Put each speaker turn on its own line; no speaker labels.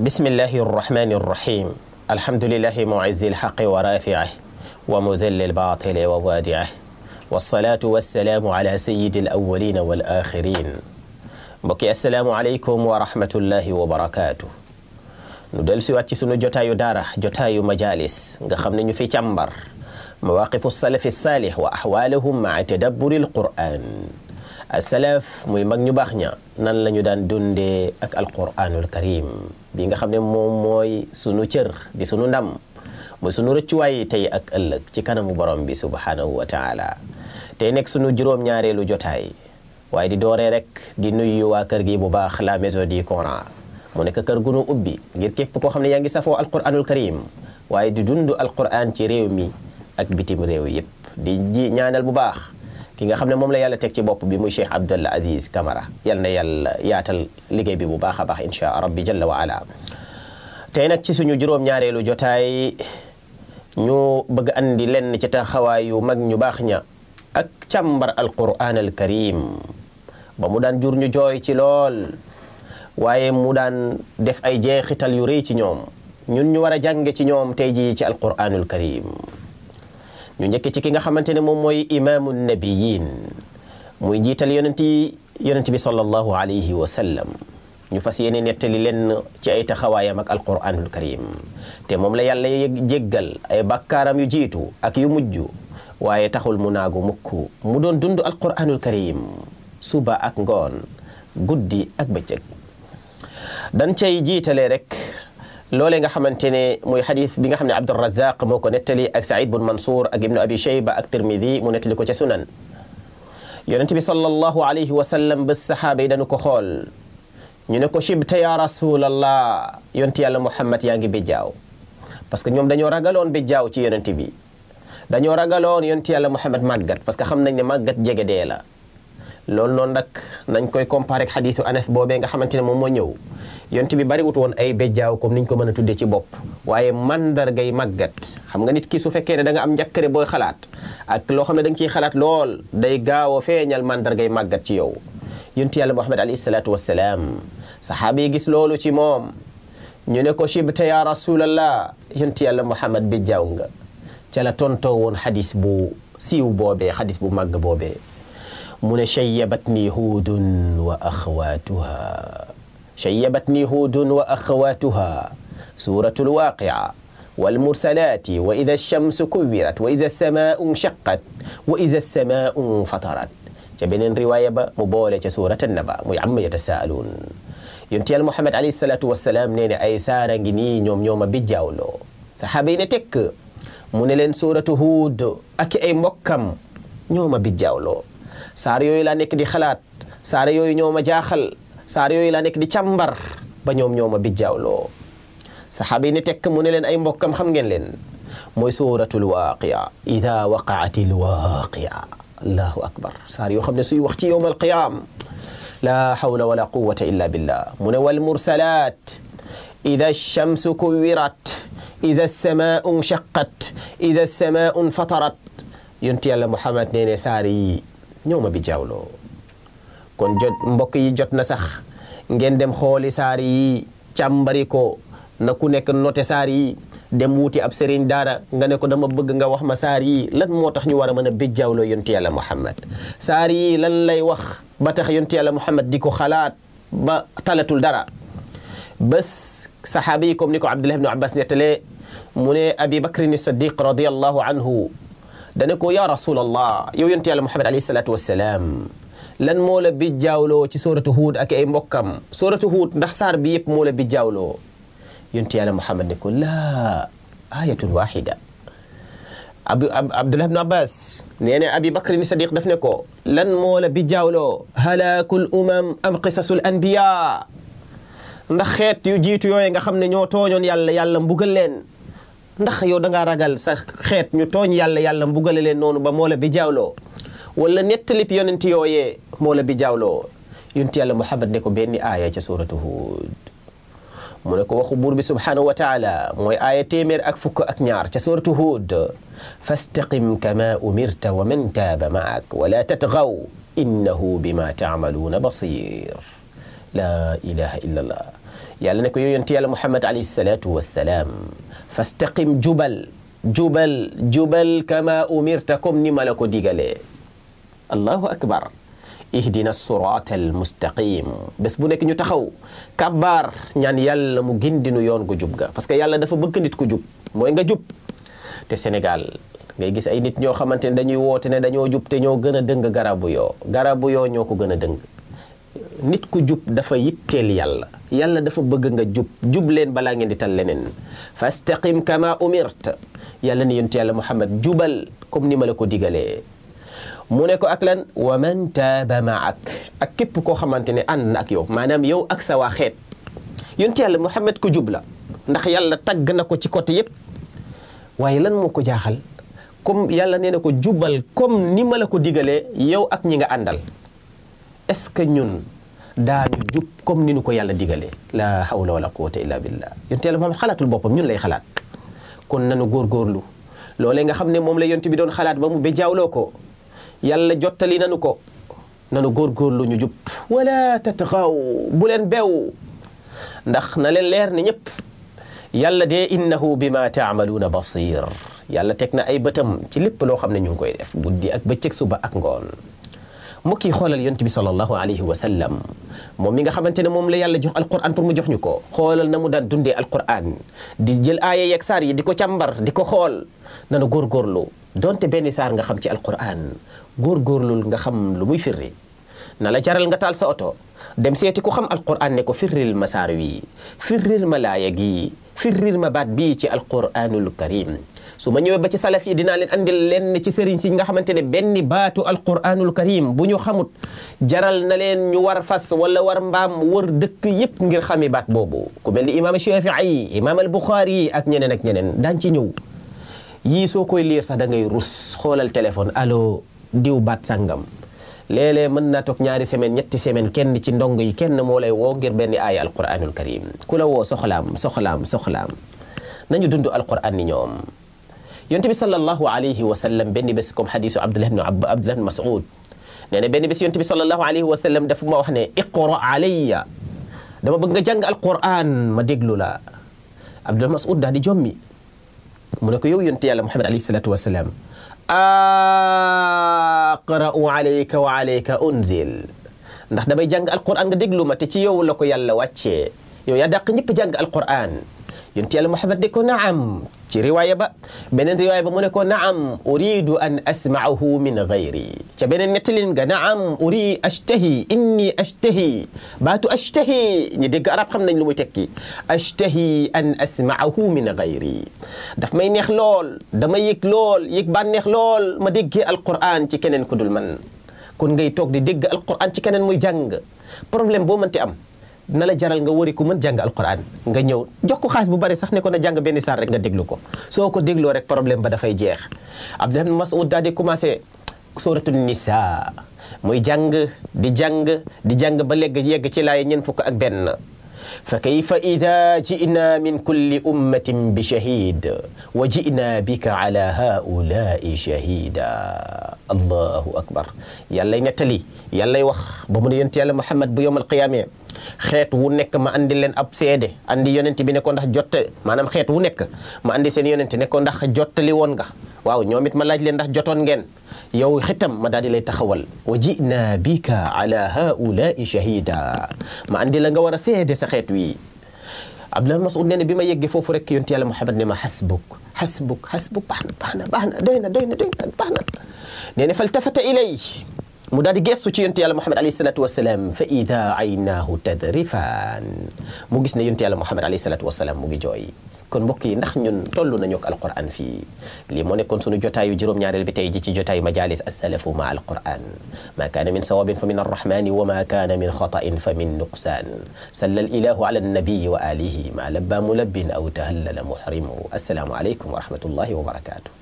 بسم الله الرحمن الرحيم الحمد لله معز الحق ورافعه ومذل الباطل ووادعه والصلاة والسلام على سيد الأولين والآخرين بكي السلام عليكم ورحمة الله وبركاته ندلسي واتي سنو جوتايو داره جوتايو مجالس نغخمن نيو في تشامبر مواقف السلف الصالح وأحوالهم مع تدبر القرآن salaf muy mag ñu baax ña nan la ñu daan dundee ak alquranul karim bi nga xam ne moom mooy sunu cër di sunu ndam mooy sunu rëccuwaay tey ak ëllëg ci kanamu borom bi subhanahu wa taala tey nekk sunu juróom-ñaareelu jotaay waaye di dooree rek di nuyu waa kër gi bu baax laa maison du Coran mu nekk kër gu nu ubbi ngir képp koo xam ne yaa ngi safoo alquranul karim waaye di dund alquran ci réew mi ak bitim réew yëpp di ji ñaanal bu baax. ki nga xam ne moom la yàlla teg ci bopp bi muy Cheikh Abdallah Aziz kamara yal na yàlla yaatal liggéey bi mu baax a baax insha rabbi jalla wa ala tey nag ci suñu juróom-ñaareelu jotaay ñu bëgg andi lenn ci taxawaayu mag ñu baax ña ak càmbar alquran al karim ba mu daan jur ñu jooy ci lool waaye mu daan def ay jeexital yu rëy ci ñoom ñun ñu war a jànge ci ñoom tey jii ci alquranul karim ñu njëkk ci ki nga xamante ne moom mooy imaamu nabiyin muy jiital yonent yi yonent bi sallallahu alayhi wa sallam ñu fas yéene nettali leen ci ay taxawaayam ak alquranul karim te moom la yàlla jéggal ay bakkaaram yu jiitu ak yu mujj waaye taxul mu naagu mukk mu doon dund alquranul karim suba ak ngoon guddi ak bëccëg dan cay jiitalee rek loolee nga xamante ne mooy xadis bi nga xam ne Abdurazaq moo ko nettali ak Saïd bun Mansour ak Ibnu Abi Shayba ak Tirmidi mu nettali ko ca sunan yonent bi sallallahu alayhi wa sallam ba saxaaba yi dañu ko xool ñu ne ko shibta ya rasulallah yonent yàlla Muhammad yaa ngi bijjaaw parce que ñoom dañoo ragaloon bijjaaw ci yonent bi dañoo ragaloon yonent yàlla Muhammad màggat parce que xam nañ ne màggat jege dee la loolu noonu nag nañ koy comparé ak xadiisu Anas boobee nga xamante ne moom moo ñëw yont bi bari wut woon ay béjjaaw comme niñ ko mën a tuddee ci bopp waaye gay màggat xam nga nit ki su fekkee ne da nga am njàkkare booy xalaat ak loo xam ne da ciy xalaat lool day gaaw a feeñal mandargay màggat ci yow yont yàlla Muhammad alayhi salaatu wassalaam saxaaba yi gis loolu ci moom ñu ne ko shibta ya rasulallah yont yàlla Muhammad béjjaaw nga ca la tontoo woon xadis bu siiw boobe xadis bu màgg boobee من شيبتني هود وأخواتها شيبتني هود وأخواتها سورة الواقعة والمرسلات وإذا الشمس كبرت وإذا السماء انشقت وإذا السماء انفطرت جبن رواية مبولة سورة النبأ ويعم يتساءلون yontiyal محمد عليه الصلاة والسلام نين أي سارة جنين يوم يوم بجاولو sahaba تك من لين سورة هود أكي أي مكم ak بجاولو saar yooyu laa nekk di xalaat saar yooyu ñoo ma jaaxal saar yooyu laa nekk di càmbar ba ñoom ñoo ma bijjaawloo saxaaba yi ni tekk mu ne leen ay mbokkam xam ngeen leen mooy suuratul waaqia ida waqaatil waaqia allahu akbar saar yoo xam ne suy wax ci yowm alqiyaam laa hawla wala quwata illa billah mu ne wal mursalaat ida shamsu kuwirat ida samaau nshaqat ida samaau nfatarat yonti yàlla muhammad nee ne saar yi ñëw ma bi jaawloo kon jot mbokk yi jot na sax ngeen dem xooli saari yi càmbari ko na ku nekk note saari yi dem wuti ab sëriñ daara nga ne na dama bëgg nga wax ma saari yi lan moo tax ñu war a mën a bijjawloo yonti yàlla muhammad saar yi lan lay wax ba tax yonti yàlla muhammad di ko xalaat ba talatul dara bas saxaaba yi comme ni ko abdullah ibnu abbas nettalee mu ne abi bakrin siddiq radiallahu anhu dane ko yaa rasulallah yow yonent yàlla muhammad alayhi salaatu wassalam lan moo la bijjaawloo ci sooratu hud ak ay mbokam sooratu hud ndax sar bi yep moo la bijjaawloo yonent yàlla muhammad ne ko la ayatun wahida waxida abdullah ibn abbas nee abi bakr bakrin sadiq daf ne ko lan moo la bijjaawloo halakul umam am qisasul anbiya ndax xet yu jitu yoy nga xamne ño toñon yàlla yàlla mbugal len ndax yow da nga ragal sa xeet ñu tooñ yàlla yàlla mbugale leen noonu ba moo la bi jaawloo wala nettalib yonent yooyee moo la bi jaawloo yunt yàlla Muhammad ne ko benn aaya ca suratu hud mu ne ko waxu buur bi subhanahu wa taala mooy aaya téeméer ak fukk ak ñaar ca suratu hud fastaqim kama umirta wa man taaba maak wala tatgaw innahu bima taamaluuna basir la ilaha illa allah yàlla ne ko yow yonent yàlla Muhammad alayhi salaatu wassalaam fastaqim jubal jubal jubal kama umirta comme ni ma la ko digalee allahu akbar ihdina siraat almustaqim bés bu nekk ñu taxaw kabbaar ñaan yàlla mu gindinu yoon ko jub ga parce que yàlla dafa bëgg nit ko jub mooy nga jub te Sénégal ngay gis ay nit ñoo xamante ne dañuy woote ne dañoo jub te ñoo gën a dëng garabu yoo garabu yoo ñoo ko gën a dëng nit ku jub dafa yitteel yàlla yàlla dafa bëgg nga jub jub leen balaa ngeen di tal leneen fastaqim kama umirta yàlla ni yonent yàlla Muhammad jubal comme ni ma la ko digalee mu ne ko ak lan wa man taaba ak képp koo xamante ne ànd na ak yow maanaam yow ak sa waa xeet yonent yàlla Muhammad ko jubla ndax yàlla tagg na ko ci côté yëpp waaye lan moo ko jaaxal comme yàlla nee na ko jubal comme ni ma ko digalee yow ak ñi nga àndal est-ce que ñun daañu jub comme ni nu ko yàlla digalee la hawla wala quwata illa billah yonte yàlla Muhammad xalaatul boppam ñun lay xalaat kon nanu góorgóorlu loolee nga xam ne moom la yont bi doon xalaat ba mu ba jaawloo ko yàlla jottali nanu ko nanu góorgóorlu ñu jub wala tatxaw bu leen beew ndax na leen leer ni ñëpp yàlla dee innahu bima taamaluuna basir yàlla teg na ay bëtam ci lépp loo xam ne ñu ngi koy def guddi ak bëccëg suba ak ngoon mbokk yi xoolal yonent bi sallallahu alayhi wa sallam moom mi nga xamante ne moom la yàlla jox alquran pour mu jox ñu ko xoolal na mu daan dundee alquran di jël aaya yeeg saar yi di ko càmbar di ko xool na nanu góorgóorlu donte benn saar nga xam ci alquran góorgóorlul nga xam lu muy firri na la jaral nga taal sa oto dem seeti ko xam alquran ne ko firril ma saar wi firril ma laaya gi firril ma baat bi ci alquranul karim su ma ñëwee ba ci salaf dinaa leen andil lenn ci sëriñ si nga xamante ne benn baatu alquranul karim bu ñu xamut jaral na leen ñu war fas wala war mbaam wër dëkk yëpp ngir xami baat boobu ku mel ni imaam Shafii imaam al Buxaari ak ñeneen ak ñeneen daañ ci ñëw yii soo koy liir sax dangay ngay rus xoolal téléphone allo diw baat sangam léeg-léeg mën naa toog ñaari semaine ñetti semaine kenn ci ndong yi kenn moo lay woo ngir benn aaya alquranul karim ku la woo soxlaam soxlaam soxlaam nañu dund alquran ni ñoom yonte bi sallallahu alayhi wa sallam benn bés comme xadisu abdullah ibn abdullah ibn mas'ud nee na benn bés yonte bi sallallahu alayhi wa sallam dafa ma wax ne iqra alayya dama bëgg nga jàng alquran ma déglu la abdullah mas'ud daal di jommi mu ne ko yow yonte yàlla muhammad alayhi salatu wasalaam aqra'u alayka wa alayka unzil ndax damay jàng alquran nga déglu ma te ci yow la ko yàlla wàccee yow yaa dàq ñëpp jàng alquran yonent yàlla Muhammad ne ko naam ci riwaaya ba beneen riwaaya ba mu ne ko naam uridu an asmaahu min gayri ca beneen nettalin nga naam uri ashtahi inni ashtahi baatu ashtahi ñi dégg arab xam nañ lu muy tekki ashtahi an asmaahu min gayri daf may neex lool dama yëg lool yëg bànneex lool ma déggee alquran ci keneen ku dul man kon ngay toog di dégg alquran ci keneen muy jàng problème boo mënti am dina la jaral nga wari ku mën jàng alquran nga ñëw jox ko xaalis bu bari sax ne ko na jàng benn saar rek nga déglu ko soo ko dégloo rek problème ba dafay jeex Abdullah ibn Mas'ud daal di commencé suratul nisa muy jàng di jàng di jàng ba léegi yegg ci laay ñeent fukk ak benn fa kayfa ida ji'na min kulli ummatin bi shahid wa ji'na bika ala haula'i shahida allahu akbar yàllay nettali yàllay wax ba mu ne yonent yàlla muhammad bu yowmal qiyaamee xeet wu nekk ma andi leen ab seede andi yonent bi ne ndax jot maanaam xeet wu nekk ma andi seen yonent ne ko ndax jottali woon nga waaw ñoom it ma laaj leen ndax jotoon ngeen yow xitam ma daal di lay taxawal wa jina bika ala haulaai shahida ma andi la nga war a seede sa xeet wi Abdullah Mas'ud nee na bi ma yeggee foofu rek yonent yàlla Muhammad ne ma xasbuk xasbuk xasbuk baax na baax na baax na doy na doy na doy na baax na nee na faltafata ilay mu daal di gestu ci yonent yàlla Muhammad alayhi salaatu wa salaam fa ida aynaahu tadrifaan mu gis ne yonent yàlla Muhammad alayhi salaatu wa salaam mu ngi jooy kon mbokk yi ndax ñun tollu nañu ak alquran fi li mo nekkon sunu jotaayu juroom ñaarel bi tay ji ci jotaayu majalis as-salafu ma alquran ma kana min sawabin fa min ar-rahman wa ma kana min khata'in fa min nuqsan salla al-ilahu ala an annabiyi wa alihi ma labba mulabbin aw tahallala muhrimu assalamu alaykum wa rahmatullahi wa barakatuh